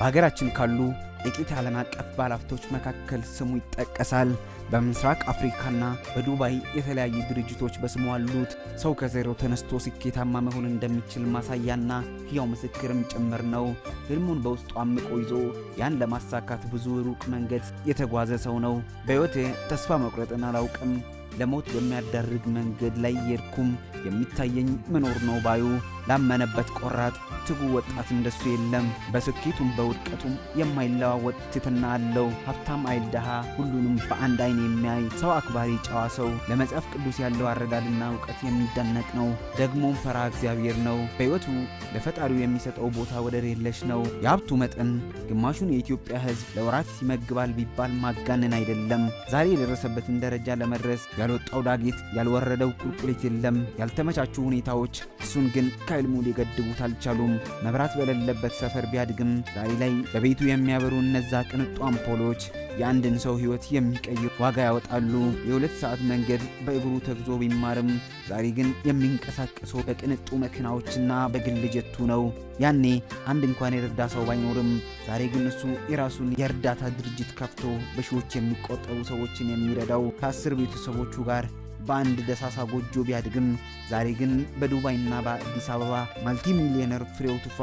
በሀገራችን ካሉ ጥቂት ዓለም አቀፍ ባለሀብቶች መካከል ስሙ ይጠቀሳል። በምስራቅ አፍሪካና በዱባይ የተለያዩ ድርጅቶች በስሙ አሉት። ሰው ከዜሮ ተነስቶ ስኬታማ መሆን እንደሚችል ማሳያና ሕያው ምስክርም ጭምር ነው። ህልሙን በውስጡ አምቆ ይዞ ያን ለማሳካት ብዙ ሩቅ መንገድ የተጓዘ ሰው ነው። በሕይወቴ ተስፋ መቁረጥን አላውቅም። ለሞት በሚያዳርግ መንገድ ላይ የርኩም የሚታየኝ መኖር ነው ባዩ ላመነበት ቆራጥ ትጉ ወጣት እንደሱ የለም። በስኬቱም በውድቀቱም የማይለዋወጥ ትትና አለው። ሀብታም አይል ሁሉንም በአንድ አይን የሚያይ ሰው አክባሪ ጨዋ ሰው፣ ለመጽሐፍ ቅዱስ ያለው አረዳድና እውቀት የሚደነቅ ነው። ደግሞም ፈራ እግዚአብሔር ነው። በሕይወቱ ለፈጣሪው የሚሰጠው ቦታ ወደር የለሽ ነው። የሀብቱ መጠን ግማሹን የኢትዮጵያ ሕዝብ ለወራት ይመግባል ቢባል ማጋነን አይደለም። ዛሬ የደረሰበትን ደረጃ ለመድረስ ያልወጣው ዳጌት ያልወረደው ቁልቁሌት የለም። ያልተመቻቹ ሁኔታዎች እሱን ግን ከ ኃይል ሙሉ ሊገድቡት አልቻሉም። መብራት በሌለበት ሰፈር ቢያድግም ዛሬ ላይ በቤቱ የሚያበሩ እነዛ ቅንጡ አምፖሎች የአንድን ሰው ሕይወት የሚቀይር ዋጋ ያወጣሉ። የሁለት ሰዓት መንገድ በእግሩ ተግዞ ቢማርም ዛሬ ግን የሚንቀሳቀሰው በቅንጡ መኪናዎችና በግል ጀቱ ነው። ያኔ አንድ እንኳን የረዳ ሰው ባይኖርም ዛሬ ግን እሱ የራሱን የእርዳታ ድርጅት ከፍቶ በሺዎች የሚቆጠሩ ሰዎችን የሚረዳው ከአስር ቤተሰቦቹ ጋር በአንድ ደሳሳ ጎጆ ቢያድግም ዛሬ ግን በዱባይና በአዲስ አበባ ማልቲሚሊየነር ፍሬው ቱፋ